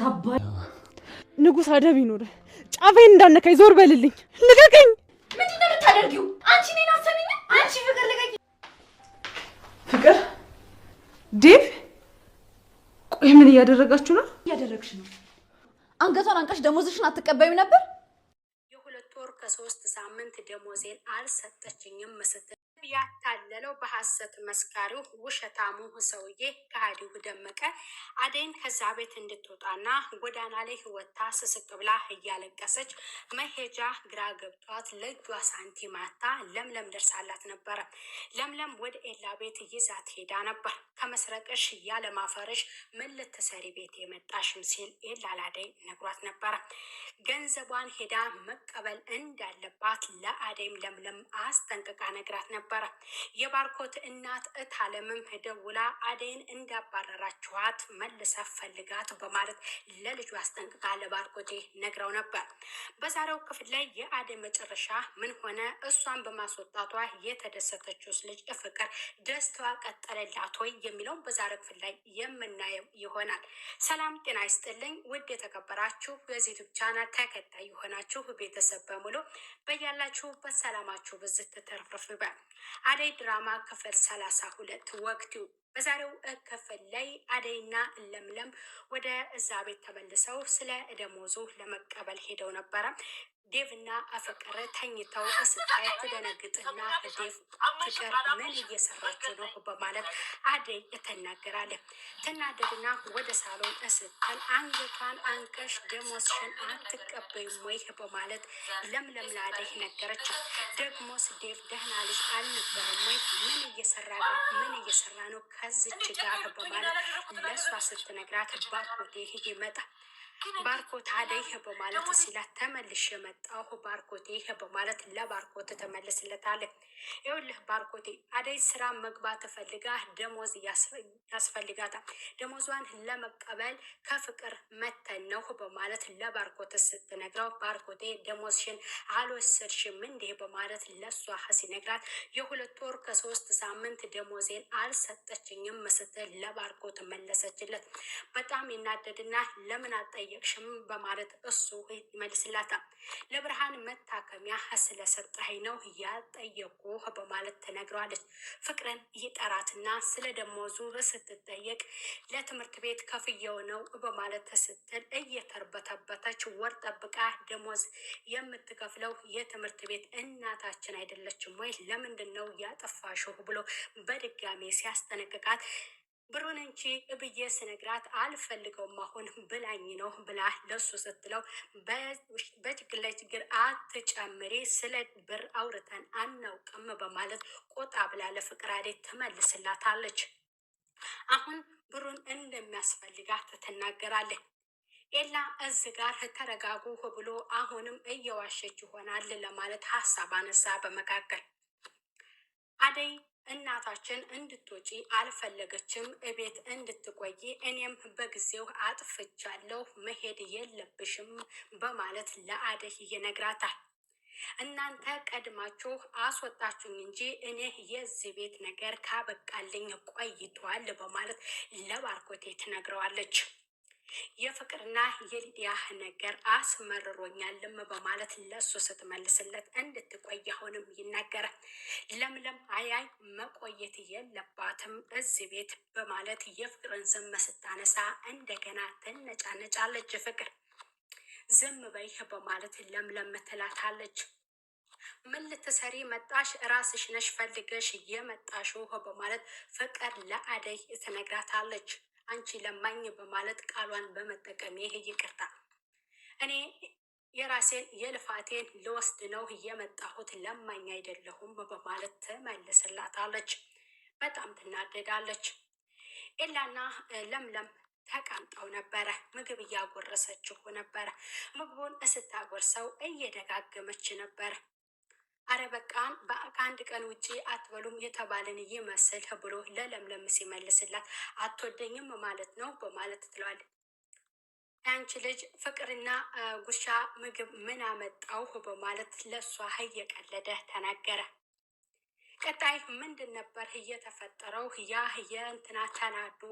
እንዴት ንጉስ አደብ ይኖረህ። ጫፌን እንዳነካኝ ዞር በልልኝ። ልቀቀኝ። ምንድን ነው የምታደርጊው? አንቺ እኔን አሰሚኝ። አንቺ ፍቅር ልቀቂ። ፍቅር ዴቭ፣ ቆይ ምን እያደረጋችሁ ነው? እያደረግሽ ነው? አንገቷን አንቀሽ ደሞዝሽን አትቀበይም ነበር? የሁለት ወር ከሶስት ሳምንት ደሞዜን አልሰጠችኝም ስትል ያታለለው በሐሰት መስካሪው ውሸታሙ ሰውዬ ከሃዲው ደመቀ አደይን ከዛ ቤት እንድትወጣና ጎዳና ላይ ህወታ ስስቅ ብላ እያለቀሰች መሄጃ ግራ ገብቷት ለእጇ ሳንቲም አታ ለምለም ደርሳላት ነበረ። ለምለም ወደ ኤላ ቤት ይዛት ሄዳ ነበር። ከመስረቅሽ ያለማፈርሽ ምን ልትሰሪ ቤት የመጣሽም ሲል ኤላ ላደይ ነግሯት ነበረ። ገንዘቧን ሄዳ መቀበል እንዳለባት ለአደይም ለምለም አስጠንቅቃ ነግራት ነበር። ነበረ። የባርኮት እናት እታለምም ደውላ አደይን እንዳባረራችኋት መልሰ ፈልጋት በማለት ለልጁ አስጠንቅቃ ለባርኮቴ ነግረው ነበር። በዛሬው ክፍል ላይ የአደይ መጨረሻ ምን ሆነ? እሷን በማስወጣቷ የተደሰተችውስ ልጅ ፍቅር ደስታዋ ቀጠለላት ወይ የሚለውን በዛሬው ክፍል ላይ የምናየው ይሆናል። ሰላም ጤና ይስጥልኝ ውድ የተከበራችሁ በዚህ ዩቱብ ቻናል ተከታይ የሆናችሁ ቤተሰብ በሙሉ በያላችሁበት ሰላማችሁ ብዝት ተረፍርፍ ይበል። አደይ ድራማ ክፍል ሰላሳ ሁለት ወቅቱ በዛሬው ክፍል ላይ አደይና ለምለም ወደ እዛ ቤት ተመልሰው ስለ ደሞዙ ለመቀበል ሄደው ነበረ። ዴቭና እና አፍቅር ተኝተው ስታይ ትደነግጥና ዴቭ ፍቅር ምን እየሰራችሁ ነው በማለት አደይ ትናገራለች። ትናደድና ወደ ሳሎን ስትል አንገቷን አንቀሽ ደሞዝሽን አትቀበይም ወይ በማለት ለምለም ለአደይ ነገረች። ደግሞስ ዴቭ ደህና ልጅ አልነበረም ወይ? ምን እየሰራ ምን እየሰራ ነው ከዚች ጋር በማለት ለእሷ ስትነግራት ባኮቴ ይመጣል ባርኮት አለ ይሄ በማለት ሲላት ተመልሽ የመጣሁ ባርኮቴ ይሄ በማለት ለባርኮት ተመልስለታለህ። ይኸውልህ ባርኮቴ አደይ ስራ መግባት ፈልጋ ደሞዝ ያስፈልጋታል። ደሞዟን ለመቀበል ከፍቅር መተን ነው በማለት ለባርኮት ስትነግረው ባርኮቴ ደሞዝሽን አልወሰድሽም እንዲህ በማለት ለሷ ሲነግራት የሁለት ወር ከሶስት ሳምንት ደሞዜን አልሰጠችኝም ስትል ለባርኮት መለሰችለት። በጣም ይናደድና ለምን አልጠ አልጠየቅሽም በማለት እሱ ይመልስላታል። ለብርሃን መታከሚያ ስለሰጠኸኝ ነው እያጠየቁ በማለት ትነግረዋለች። ፍቅርን ይጠራትና ስለ ደሞዙ ስትጠየቅ ለትምህርት ቤት ከፍየው ነው በማለት ስትል እየተርበተበተች ወር ጠብቃ ደሞዝ የምትከፍለው የትምህርት ቤት እናታችን አይደለችም ወይ? ለምንድን ነው ያጠፋሽሁ ብሎ በድጋሜ ሲያስጠነቅቃት ብሩን እንቺ! ብዬ ስነግራት አልፈልገውም አሁን ብላኝ ነው ብላ ለሱ ስትለው በችግር ላይ ችግር ስለ ብር አውርተን አናውቅም በማለት ቆጣ ብላ ለፍቅራዴ ትመልስላታለች። አሁን ብሩን እንደሚያስፈልጋት ትናገራለች። ኤላ እዚህ ጋር ተረጋጉ ብሎ አሁንም እየዋሸች ይሆናል ለማለት ሀሳብ አነሳ። በመካከል አደይ እናታችን እንድትወጪ አልፈለገችም። እቤት እንድትቆይ እኔም በጊዜው አጥፍቻለሁ፣ መሄድ የለብሽም በማለት ለአደይ ይነግራታል። እናንተ ቀድማችሁ አስወጣችሁኝ እንጂ እኔ የዚህ ቤት ነገር ካበቃልኝ ቆይቷል በማለት ለባርኮቴ ትነግረዋለች። የፍቅርና የሊዲያህ ነገር አስመርሮኛልም በማለት ለሱ ስትመልስለት እንድትቆይ አሁንም ይናገራል። ለምለም አያይ መቆየት የለባትም እዚህ ቤት በማለት የፍቅርን ስም ስታነሳ እንደገና ትነጫነጫለች። ፍቅር ዝም በይህ በማለት ለምለም ትላታለች። ምን ልትሰሪ መጣሽ? ራስሽ ነሽ ፈልገሽ የመጣሽው በማለት ፍቅር ለአደይ ትነግራታለች። አንቺ ለማኝ በማለት ቃሏን በመጠቀም ይሄ ይቅርታ እኔ የራሴን የልፋቴን ልወስድ ነው የመጣሁት ለማኝ አይደለሁም በማለት ትመልስላታለች። በጣም ትናደዳለች። ኤላና ለምለም ተቀምጠው ነበረ። ምግብ እያጎረሰችው ነበረ። ምግቡን እስታጎርሰው እየደጋገመች ነበረ። አረ በቃም ከአንድ ቀን ውጭ አትበሉም የተባለን ይመስል ብሎ ለለምለም ሲመልስላት አትወደኝም ማለት ነው በማለት ትለዋል። ያንቺ ልጅ ፍቅርና ጉሻ ምግብ ምን አመጣው በማለት ለእሷ እየቀለደ ተናገረ። ቀጣይ ምንድን ነበር እየተፈጠረው? ያ የእንትና ተናዶ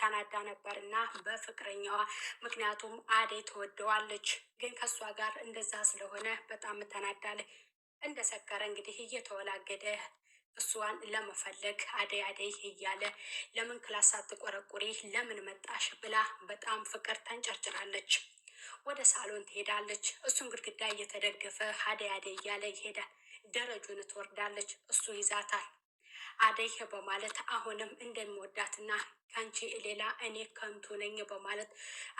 ተናዳ ነበርና በፍቅረኛዋ ምክንያቱም አደይ ትወደዋለች፣ ግን ከእሷ ጋር እንደዛ ስለሆነ በጣም ተናዳለች። እንደሰከረ እንግዲህ እየተወላገደ እሷን ለመፈለግ አደይ አደይ እያለ ለምን ክላስ አትቆረቁሪ ለምን መጣሽ ብላ በጣም ፍቅር ተንጨርጭራለች። ወደ ሳሎን ትሄዳለች። እሱን ግድግዳ እየተደገፈ አደይ አደይ እያለ ይሄዳል። ደረጁን ትወርዳለች። እሱ ይዛታል። አደይ በማለት አሁንም እንደሚወዳትና ከአንቺ ሌላ እኔ ከንቱ ነኝ በማለት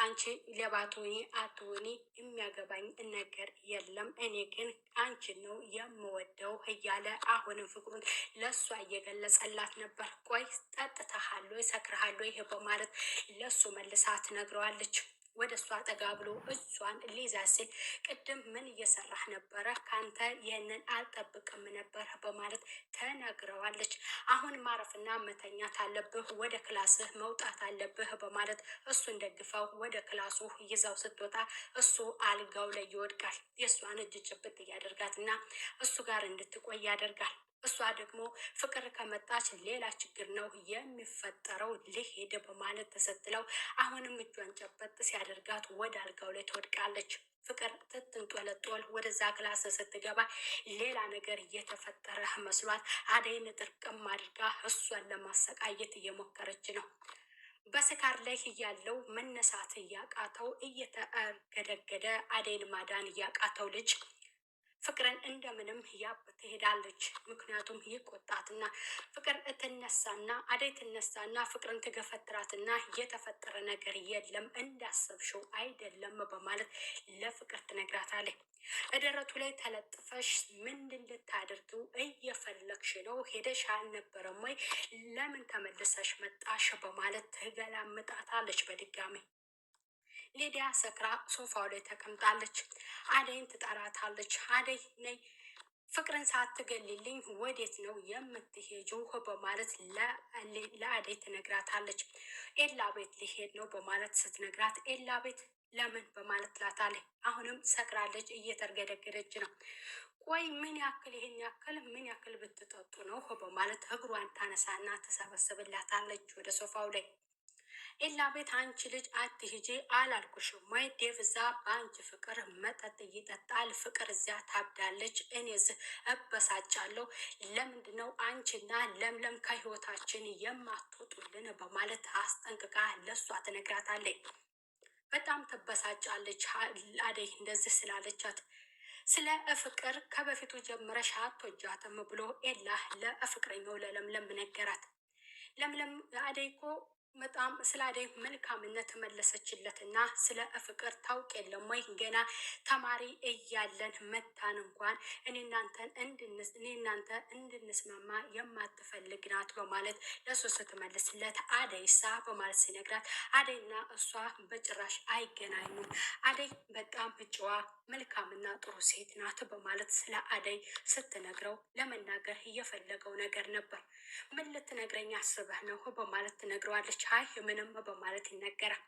አንቺ ለባቶኒ አትሆኒ የሚያገባኝ ነገር የለም እኔ ግን አንቺ ነው የምወደው እያለ አሁንም ፍቅሩን ለሷ እየገለጸላት ነበር። ቆይ ጠጥተሃል ወይ ሰክረሃል ወይ በማለት ለእሱ መልሳ ትነግረዋለች። ወደ እሷ ጠጋ ብሎ እሷን ሊዛ ሲል ቅድም ምን እየሰራህ ነበረ? ካንተ ይህንን አልጠብቅም ነበረ በማለት ተነግረዋለች። አሁን ማረፍና መተኛት አለብህ፣ ወደ ክላስህ መውጣት አለብህ በማለት እሱን ደግፈው ወደ ክላሱ ይዛው ስትወጣ እሱ አልጋው ላይ ይወድቃል። የእሷን እጅ ጭብጥ እና እሱ ጋር እንድትቆይ ያደርጋል። እሷ ደግሞ ፍቅር ከመጣች ሌላ ችግር ነው የሚፈጠረው፣ ልሄድ በማለት ተሰትለው አሁንም እጇን ጨበጥ ሲያደርጋት ወደ አልጋው ላይ ትወድቃለች። ፍቅር ትትንጦለጦል ወደዛ ክላስ ስትገባ ሌላ ነገር እየተፈጠረ መስሏት አደይን ጥርቅም አድርጋ እሷን ለማሰቃየት እየሞከረች ነው። በስካር ላይ ያለው መነሳት እያቃተው እየተገደገደ አደይን ማዳን እያቃተው ልጅ ፍቅርን እንደምንም ያብ ትሄዳለች። ምክንያቱም ይቆጣትና ፍቅር እትነሳና አደይ ትነሳና ፍቅርን ትገፈትራትና የተፈጠረ ነገር የለም እንዳሰብሽው አይደለም በማለት ለፍቅር ትነግራታለች። እደረቱ ላይ ተለጥፈሽ ምንድን ልታደርጊው እየፈለግሽ ነው? ሄደሽ አልነበረም ወይ? ለምን ተመልሰሽ መጣሽ? በማለት ትገላምጣታለች በድጋሚ ሊዲያ ሰክራ ሶፋው ላይ ተቀምጣለች። አደይን ትጠራታለች። አደይ ነይ ፍቅርን ሳትገልልኝ ወዴት ነው የምትሄጂው? በማለት ለአደይ ትነግራታለች። ኤላ ቤት ሊሄድ ነው በማለት ስትነግራት ኤላ ቤት ለምን በማለት ትላታለች። አሁንም ሰክራለች፣ እየተርገደገደች ነው። ቆይ ምን ያክል ይህን ያክል ምን ያክል ብትጠጡ ነው? በማለት እግሯን ታነሳና ተሰበስብላታለች ወደ ሶፋው ላይ ኤላ ቤት አንቺ ልጅ አትሄጂ አላልኩሽም ወይ? ዴቭ እዛ በአንቺ ፍቅር መጠጥ ይጠጣል። ፍቅር እዚያ ታብዳለች፣ እኔ እዚህ እበሳጫለሁ። ለምንድን ነው አንቺና ለምለም ከህይወታችን የማትወጡልን? በማለት አስጠንቅቃ ለሷ ትነግራታለች። በጣም ትበሳጫለች አደይ እንደዚህ ስላለቻት ስለ ፍቅር ከበፊቱ ጀምረሽ አትወጃትም ብሎ ኤላ ለፍቅረኛው ለለምለም ነገራት። ለምለም አደይ እኮ በጣም ስለ አደይ መልካምነት መለሰችለት እና ስለ ፍቅር ታውቅ የለም ወይ ገና ተማሪ እያለን መታን እንኳን እኔ እናንተን እንድንስ እኔ እናንተ እንድንስማማ የማትፈልግ ናት በማለት ለሱ ስትመልስለት አደይሳ በማለት ሲነግራት አደይና እሷ በጭራሽ አይገናኙም፣ አደይ በጣም ጨዋ መልካምና ጥሩ ሴት ናት በማለት ስለ አደይ ስትነግረው ለመናገር እየፈለገው ነገር ነበር። ምን ልትነግረኝ አስበህ ነው በማለት ትነግረዋለች። ብቻ ምንም በማለት ይነገራል።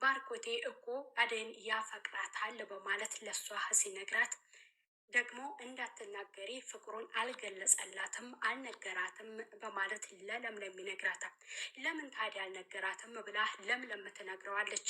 ባርኮቴ እኮ አደይን ያፈቅራታል በማለት ለሷ ሲነግራት ደግሞ እንዳትናገሪ ፍቅሩን አልገለጸላትም አልነገራትም በማለት ለለምለም ይነግራታል። ለምን ታዲያ አልነገራትም ብላ ለምለም ትነግረዋለች።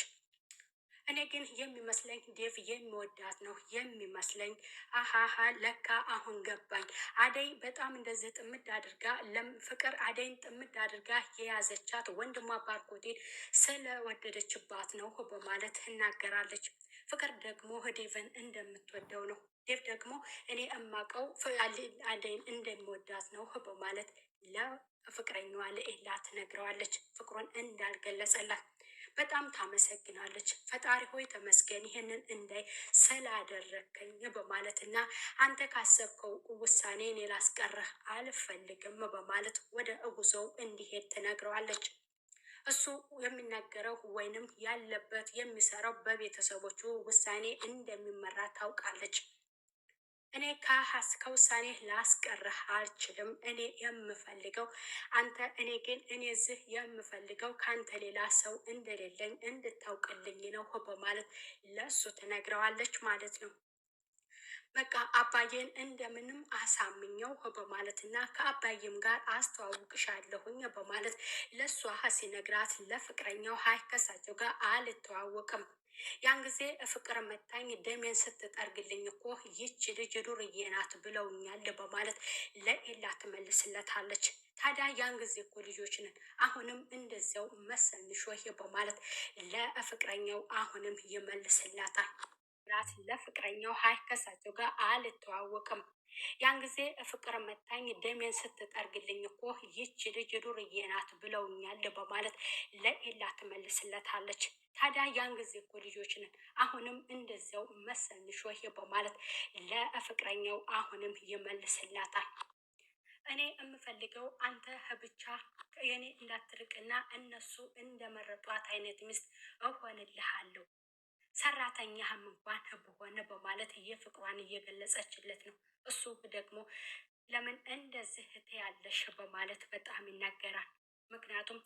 እኔ ግን የሚመስለኝ ዴቭ የሚወዳት ነው የሚመስለኝ። አሃሃ ለካ አሁን ገባኝ። አደይ በጣም እንደዚህ ጥምድ አድርጋ ለፍቅር አደይን ጥምድ አድርጋ የያዘቻት ወንድሟ ባርኮቴን ስለወደደችባት ነው በማለት ትናገራለች። ፍቅር ደግሞ ዴቭን እንደምትወደው ነው። ዴቭ ደግሞ እኔ እማቀው አደይን እንደሚወዳት ነው በማለት ለፍቅረኛዋ ለኤላ ትነግረዋለች። ፍቅሩን እንዳልገለጸላት በጣም ታመሰግናለች። ፈጣሪ ሆይ ተመስገን ይህንን እንዳይ ስላደረግከኝ በማለትና አንተ ካሰብከው ውሳኔ እኔ ላስቀረህ አልፈልግም በማለት ወደ እጉዞው እንዲሄድ ትነግረዋለች። እሱ የሚናገረው ወይንም ያለበት የሚሰራው በቤተሰቦቹ ውሳኔ እንደሚመራ ታውቃለች። እኔ ከሀስ ከውሳኔ ላስቀርህ አልችልም። እኔ የምፈልገው አንተ እኔ ግን እኔ ዝህ የምፈልገው ከአንተ ሌላ ሰው እንደሌለኝ እንድታውቅልኝ ነው በማለት ለእሱ ትነግረዋለች ማለት ነው። በቃ አባዬን እንደምንም አሳምኘው በማለት እና ከአባዬም ጋር አስተዋውቅሻለሁኝ በማለት ለእሷ ነግራት ለፍቅረኛው ሀይ ከሳቸው ጋር አልተዋወቅም ያን ጊዜ ፍቅር መታኝ ደሜን ስትጠርግልኝ እኮ ይች ልጅ ዱርዬ ናት ብለውኛል በማለት ለኤላ ትመልስለታለች። ታዲያ ያን ጊዜ እኮ ልጆች ነን፣ አሁንም እንደዚያው መሰልንሾ በማለት ለፍቅረኛው አሁንም ይመልስላታል። ራት ለፍቅረኛው ሀይ ከሳቸው ጋር አልተዋወቅም ያን ጊዜ ፍቅር መታኝ ደሜን ስትጠርግልኝ እኮ ይች ልጅ ዱርዬ ናት ብለውኛል በማለት ለኤላ ትመልስለታለች። ታዲያ ያን ጊዜ እኮ ልጆች ነን፣ አሁንም እንደዚያው መሰልሽ ወይ በማለት ለፍቅረኛው አሁንም ይመልስላታል። እኔ የምፈልገው አንተ ህብቻ የኔ እንዳትርቅና እነሱ እንደመረጧት አይነት ሚስት እሆንልሃለሁ ሰራተኛህም እንኳን ብሆን በማለት የፍቅሯን እየገለጸችለት ነው። እሱ ደግሞ ለምን እንደዚህ ያለሽ በማለት በጣም ይናገራል። ምክንያቱም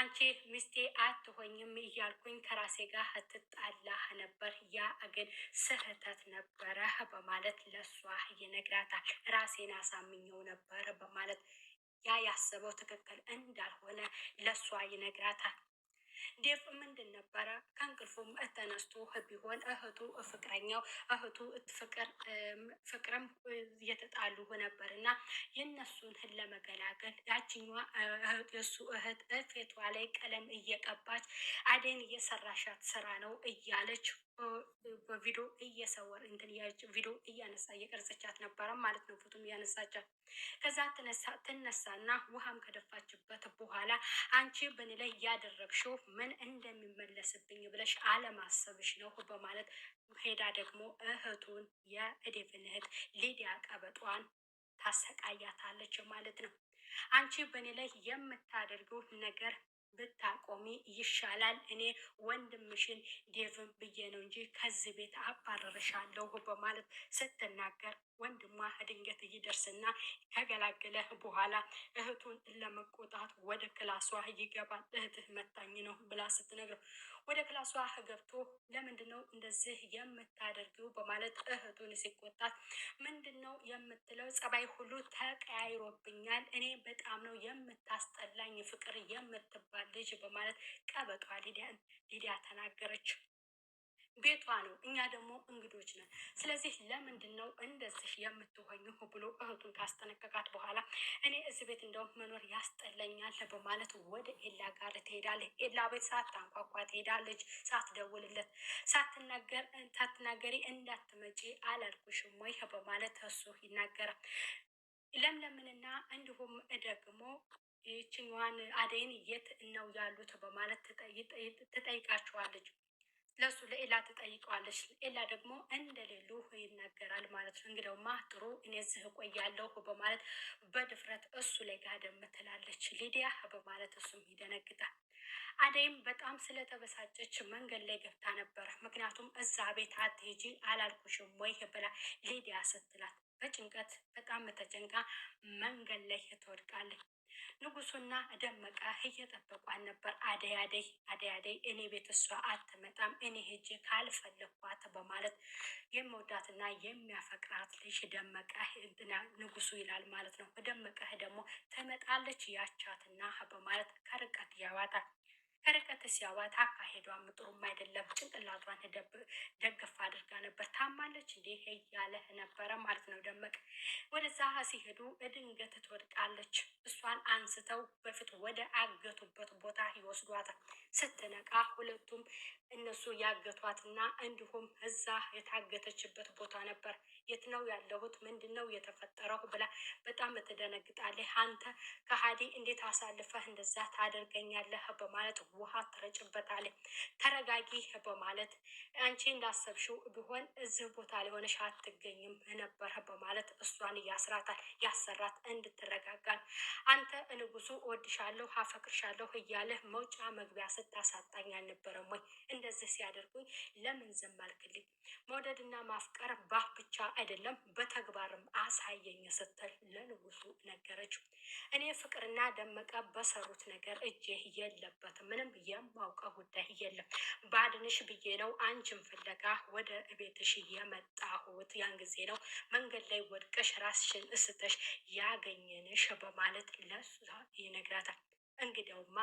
አንቺ ሚስቴ አትሆኝም እያልኩኝ ከራሴ ጋር እትጣላህ ነበር፣ ያ ግን ስህተት ነበረ በማለት ለሷ ይነግራታል። ራሴን አሳምኘው ነበር በማለት ያ ያሰበው ትክክል እንዳልሆነ ለሷ ይነግራታል። ዴፍ ምንድን ነበረ ከእንቅልፉም ተነስቶ ቢሆን እህቱ ፍቅረኛው እህቱ ፍቅርም እየተጣሉ ነበር እና የእነሱን ለመገላገል ያችኛዋ የእሱ እህት ፌቷ ላይ ቀለም እየቀባች አደን እየሰራሻት ስራ ነው እያለች በቪዲዮ እየሰወር እንትን ቪዲዮ እያነሳ እየቀረጸቻት ነበረ ማለት ነው። ፎቶም እያነሳቻት ከዛ ትነሳ ትነሳና ውሃም ከደፋችበት በኋላ አንቺ በእኔ ላይ እያደረግሽው ምን ቀን እንደሚመለስብኝ ብለሽ አለማሰብሽ ነው በማለት ሄዳ ደግሞ እህቱን የእዴፍን እህት ሊዲያ ቀበጧን ታሰቃያታለች ማለት ነው። አንቺ በእኔ ላይ የምታደርገው ነገር ብታቆሚ ይሻላል። እኔ ወንድምሽን ዴቭን ብዬ ነው እንጂ ከዚህ ቤት አባረርሻለሁ በማለት ስትናገር ወንድሟ ድንገት ይደርስና ከገላገለ በኋላ እህቱን ለመቆጣት ወደ ክላሷ ይገባል። እህትህ መታኝ ነው ብላ ስትነግረው ወደ ክላሷ ገብቶ ለምንድን ነው እንደዚህ የምታደርጊው በማለት እህቱን ሲቆጣት ምንድን ነው የምትለው ጸባይ ሁሉ ተቀያይሮብኛል። እኔ በጣም ነው የምታስጠላኝ ፍቅር የምትባል ልጅ በማለት ቀበጧ ሊዲያ ተናገረች። ቤቷ ነው። እኛ ደግሞ እንግዶች ነን። ስለዚህ ለምንድን ነው እንደዚህ የምትሆኙ ብሎ እህቱን ካስጠነቀቃት በኋላ እኔ እዚህ ቤት እንደውም መኖር ያስጠለኛል በማለት ወደ ኤላ ጋር ትሄዳለች። ኤላ ቤት ሳታንኳኳ ትሄዳለች። ሳትደውልለት፣ ሳትናገሪ እንዳትመጪ አላልኩሽም ወይ በማለት እሱ ይናገራል። ለምለምንና እንዲሁም ደግሞ ይችኛዋን አደይን የት ነው ያሉት በማለት ትጠይቃቸዋለች። ለሱ ለኤላ ትጠይቀዋለች። ኤላ ደግሞ እንደሌሉ ይነገራል ማለት ነው። እንግዲያውማ ጥሩ እኔ እዚህ እቆያለሁ በማለት በድፍረት እሱ ላይ ጋደም ትላለች ሊዲያ በማለት እሱም ይደነግጣል። አደይም በጣም ስለተበሳጨች መንገድ ላይ ገብታ ነበረ። ምክንያቱም እዛ ቤት አትሄጂ አላልኩሽም ወይ ብላ ሊዲያ ስትላት በጭንቀት በጣም ተጨንቃ መንገድ ላይ ትወድቃለች። ንጉሱና ደመቀ እየጠበቋን ነበር። አደይ አደይ አደይ አደይ እኔ ቤት እሷ አትመጣም እኔ ሄጄ ካልፈልኳት በማለት የመወዳትና የሚያፈቅራት ልጅ ደመቀ ንጉሱ ይላል ማለት ነው። ደመቀህ ደግሞ ትመጣለች ያቻትና በማለት ከርቀት ያዋታል። ከርቀት ሲያዋት አካሄዷም ጥሩም አይደለም። ጭንቅላቷን ደግፋ አድርጋ ነበር። ታማለች እንዴ እያለ ነበረ ማለት ነው። ደመቅ ወደዛ ሲሄዱ ድንገት ትወድቃለች። እሷን አንስተው በፊት ወደ አገቱበት ቦታ ይወስዷታል። ስትነቃ ሁለቱም እነሱ ያገቷትና እንዲሁም እዛ የታገተችበት ቦታ ነበር። የት ነው ያለሁት? ምንድን ነው የተፈጠረው? ብላ በጣም ትደነግጣለች። አንተ ከሀዲ እንዴት አሳልፈህ እንደዛ ታደርገኛለህ? በማለት ውሃ ትረጭበታለህ። ተረጋጊ በማለት አንቺ እንዳሰብሽው ቢሆን እዚህ ቦታ ላይ ሆነሽ አትገኝም ነበር በማለት እሷን እያስራታል ያሰራት እንድትረጋጋል። አንተ ንጉሱ እወድሻለሁ፣ አፈቅርሻለሁ እያለ መውጫ መግቢያ ስታሳጣኝ አልነበረም ወይ? እንደዚህ ሲያደርጉኝ ለምን ዝም አልክልኝ? መውደድና ማፍቀር ባህ ብቻ አይደለም በተግባርም አሳየኝ ስትል ለንጉሱ ነገረችው። እኔ ፍቅርና ደመቀ በሰሩት ነገር እጄ የለበትም ምንም የማውቀው ጉዳይ የለም። ባድንሽ ብዬ ነው አንቺን ፍለጋ ወደ ቤትሽ የመጣሁት። ያን ጊዜ ነው መንገድ ላይ ወድቀሽ ራስሽን እስተሽ ያገኘንሽ በማለት ለሷ ይነግራታል። እንግዲያውማ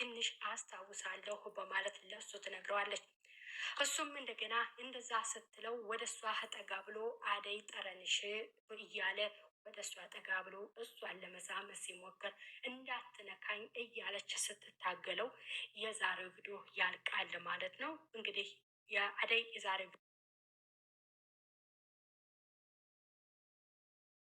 ትንሽ አስታውሳለሁ በማለት ለሱ ትነግረዋለች። እሱም እንደገና እንደዛ ስትለው ወደ እሷ ጠጋ ብሎ አደይ ጠረንሽ እያለ ወደ እሷ ጠጋ ብሎ እሷን ለመዛመት ሲሞክር እንዳትነካኝ እያለች ስትታገለው የዛሬው ቪዲዮ ያልቃል ማለት ነው። እንግዲህ የአደይ የዛሬ